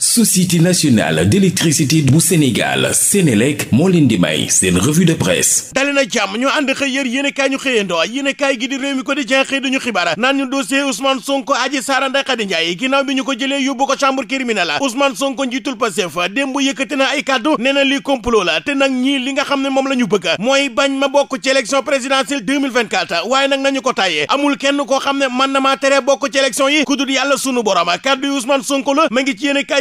société nationale d'électricité bu Sénégal Sénélec moo leen di may seen revue de presse dali na ñu ànd xëy yér yéen kaay ñu xëyandoo yéen kaay gi di réew mi quotidien xëy dañu xibaar naan ñu dossier Ousmane Sonko Adji Sarr Ndèye Khady Ndiaye ginnaaw bi ñu ko jëlee yóbbu ko chambre criminelle Ousmane Sonko njiitul Pastef démb yëkkati na ay kàddu nee na lii la te nag ñii li nga xam ne moom la ñu bëgg mooy bañ ma bokk ci élection présidentielle 2024 waaye nag nañu ko tàyyee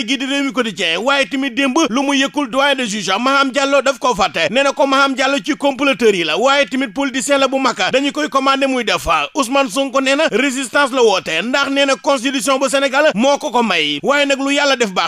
gi di Rewmi Quotidien waaye tamit démb lu mu yëkkul doyen de juge Maham Diallo daf koo fàtte nee na ko baax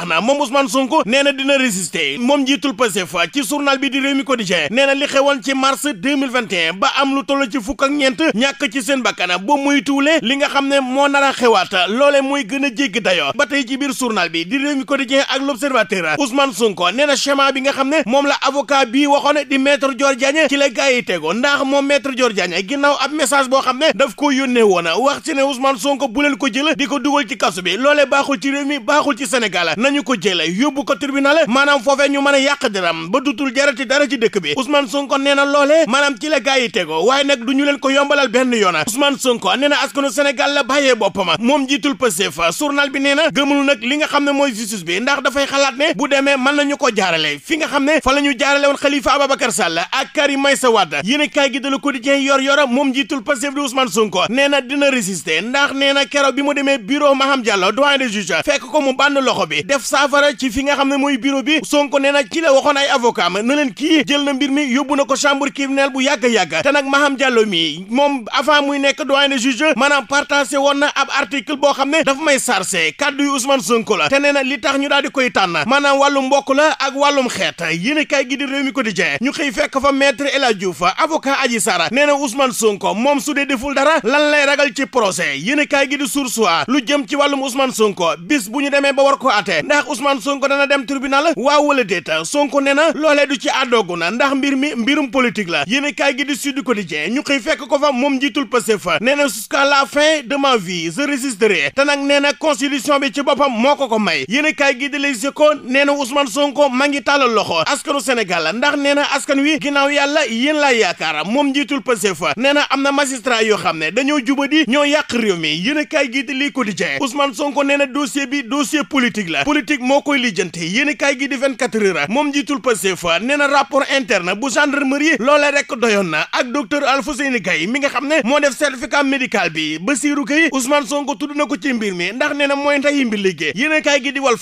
na moom Ousmane Sonko nee na dina résister moom jiitul Pastef ci journal bi di Rewmi Quotidien nee na li xewoon ci mars 2021 ba am lu toll ci fukk ak ñeent ñàkk ci seen bakkana ba muy tuule li nga xam ne moo nar a xewaat loole muy gën a jégg dayo ba tey ci biir journal bi di Rewmi Quotidien ak L'Observateur Ousmane Sonko nee na schéma bi nga xam ne moom la avocat bii waxoon di maître Dior Diagne ci la yi tego ndax moom maître Dior Diagne ginnaaw ab message boo xam ne daf ko yónnee woon wax ci ne Ousmane bu leen ko jël di ko dugal ci kaso bi loolee baaxul ci réew mi baaxul ci Sénégal nañu ko jël yóbbu ko tribunal maanaam foofee ñu mën a yàq deram ba dutul dara ci dëkk bi Ousmane Sonko nee na loolee maanaam ci la gars yi tego waaye nag du ñu leen ko yombalal benn yoon Ousmane Sonko nee na askanu Sénégal la bàyyee boppam moom jiitul Pastef journal bi nee na gëmul nag li nga xam ne mooy justice justice bi ndax dafay xalaat ne bu demee mën nañu ko jaarale fi xam ne fa la ñu jaarale woon Khalifa Ababacar Sall ak Karim Meïssa Wade yéen kaay gi de Le Quotidien yor yora moom jiitul Pastef di Ousmane Sonko nee na dina résister ndax nee na bi mu demee bureau Maham Diallo doyen des juges fekk ko mu bànn loxo bi def saafara ci fi xam ne mooy bureau bi Sonko nee na ci la ay avocat ma na kii jël na mbir mi yóbbu na ko chambre criminelle bu yàgg yàgg ndax ñu daal di koy tànn maanaam wàllum mbokk la ak wàllum xeet yéen kay gi di réew di quotidien ñu xëy fekk fa maître El Hadji Diouf avocat Adji Sarr nee na Ousmane Sonko moom su dee deful dara lan lay ragal ci procès yéen kay gi di source lu jëm ci wàllum Ousmane Sonko bis bu ñu demee ba war ko àtte ndax Ousmane Sonko dana dem tribunal waaw wala déet Sonko nee na loolee du ci àddoogu na ndax mbir mi mbirum politique la yéen kay gi di Sud Quotidien ñu xëy fekk ko fa moom njiitul Pastef nee na jusqu'à la fin de ma vie je résisterai te nag nee na constitution bi ci boppam moo ko ko may yéenekaay gi di Les Échos nee na Ousmane Sonko maa ngi tàllal loxo askanu Sénégal ndax nee na askan wi ginnaaw yàlla yéen laa yaakaar moom njiitul Pastef nee na am na magistrat yoo xam ne dañoo jubadi ñoo yàq réew mi yéenekaay gi di Le Quotidien Ousmane Sonko nee na dossier bi dossier politique la politique moo koy lijjanti yéenekaay gi di 24 heures moom njiitul Pastef nee na rapport interne bu gendarmerie loolee rek doyoon na ak docteur Alfousseyni Gaye mi nga xam ne moo def certificat médical bi Bassirou Gueye Ousmane Sonko tudd na ko ci mbir mi ndax nee na mooy ndeyi mbir liggéey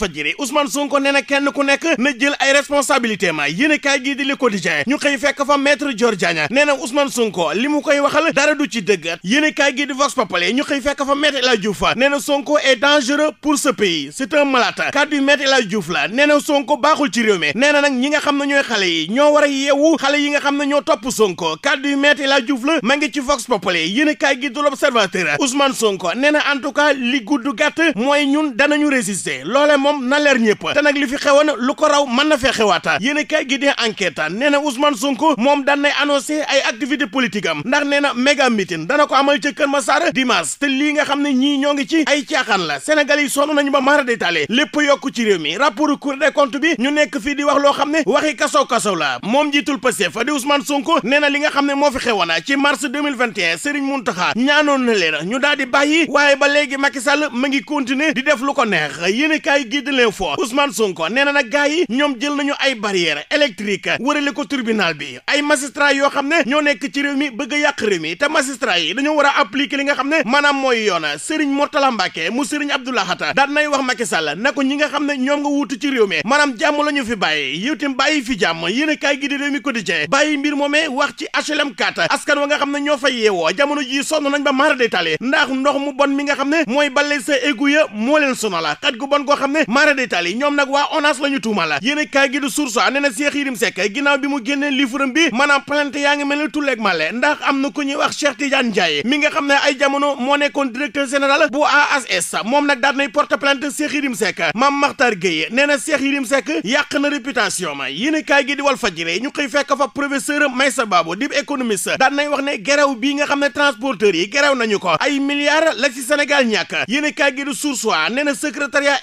Walfadjri Ousmane Sonko nee na kenn ku nekk na jël ay responsabilité ma yéene kaay gii di Le Quotidien ñu xëy fekk fa maître George Diagne nee na Ousmane Sonko li mu koy waxal dara du ci dëgg yéene kaay gii di Vox ñu xëy fekk fa maître El Hadji Diouf nee na Sonko est dangereux pour ce pays c'est un malade kàddu maître El Hadji Diouf la nee na baaxul ci réew mi nee na nag ñi nga xam ne ñooy xale yi ñoo war a yeewu xale yi nga xam ne ñoo topp Sonko kadu maître El Hadji Diouf la ma ngi ci Vox Populi yéene kaay gii di L'Observateur Ousmane Sonko nee na en tout cas li gudd gàtt mooy ñun danañu résister loole moom na leer ñëpp te nag li fi xewoon lu ko raw mën na fee xewaata yéen a kaay gi dee enquête nee na Ousmane Sonko moom dan nay annoncé ay activité politique am ndax nee na méga meeting dana ko amal ca ma Massar dimanche te lii nga xam ne ñii ñoo ngi ci ay caaxaan la Sénégal yi sonn nañu ba mara détaillé lépp yokk ci réew mi rapport Cour des comptes bi ñu nekk fii di wax loo xam ne waxi kasaw kasaw la moom jiitul Pastef di Ousmane Sonko nee na li nga xam ne moo fi xewoon ci mars 2021 Serigne Mountakha ñaanoon na leen ñu daal di bàyyi waaye ba léegi Macky Sall ma ngi continuer di def lu ko neex yéen a titre de l'info Ousmane Sonko nee na nag gars yi ñoom jël nekk ci réew mi bëgg a yi a li nga xam ne maanaam mooy yoon Serigne Mortala Mbacke mu Serigne Abdoulaye wax Macky na ko ñi nga xam ne ñoom nga wuutu ci réew mi maanaam jàmm la ñu fi bàyyi yow tam bàyyi fi jàmm yéen a kaay gi di réew mi quotidien bàyyi mbir moomee wax ci HLM 4 askan wa nga xam ne ñoo fay yeewoo jamono ji sonn nañ ba mara de tali ndax ndox mu bon mi nga xam ne mooy bale sa égout ya moo leen sonal xet gu bon koo xam ne mara détail yi ñoom nag waa ONAS la ñu tuumal yéen kaay gi du source nee na Cheikh Yérim Seck ginnaaw bi mu génnee liifuram bi maanaam plainte yaa ngi mel ni tulleeg male ndax am na ku ñuy wax Cheikh Tidiane Ndiaye mi nga xam ne ay jamono moo nekkoon directeur général bu AAS moom nag daal nay porte plainte Cheikh Yérim Seck Mame Makhtar Gueye nee na Cheikh Yérim Seck yàq na réputation ma yéen kaay wal di ñu xëy fekk fa professeur Maïssa Babou dib économiste daan wax ne gerew bii nga xam ne transporteurs yi gerew nañu ko ay milliards la ci Sénégal ñàkk yéen kaay gi du source nee na secrétariat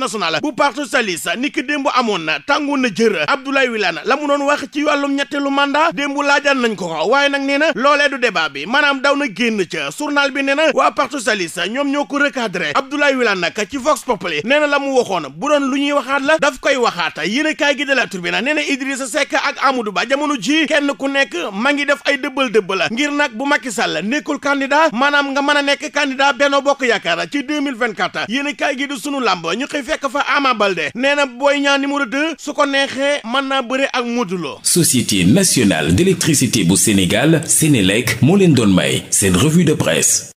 internationale bu parti socialiste ni ki démb na tàngoon na jër Abdoulaye Wilane la mu doon wax ci wàllum ñetteelu mandat démb laajaan nañ ko ko waaye nag nee na loolee du débat bi maanaam daw na génn ca journal bi nee na waa parti socialiste ñoom ñoo ko recadré Abdoulaye Wilane nag ci Vox Populi nee na la mu waxoon bu doon lu ñuy waxaat la daf koy waxaat yéen kaay gi de la Tribune nee na Idrissa Seck ak Ba jamono ji kenn ku nekk ma ngi def ay dëbbal dëbbal ngir nag bu Macky Sall nekkul candidat maanaam fekk fa Ama Balde nee na Boy Niang numéro 2 su ko neexee mën naa bëre ak Modou Lo. Société nationale d'électricité bu Sénégal Sénélec moo leen doon may seen revue de presse.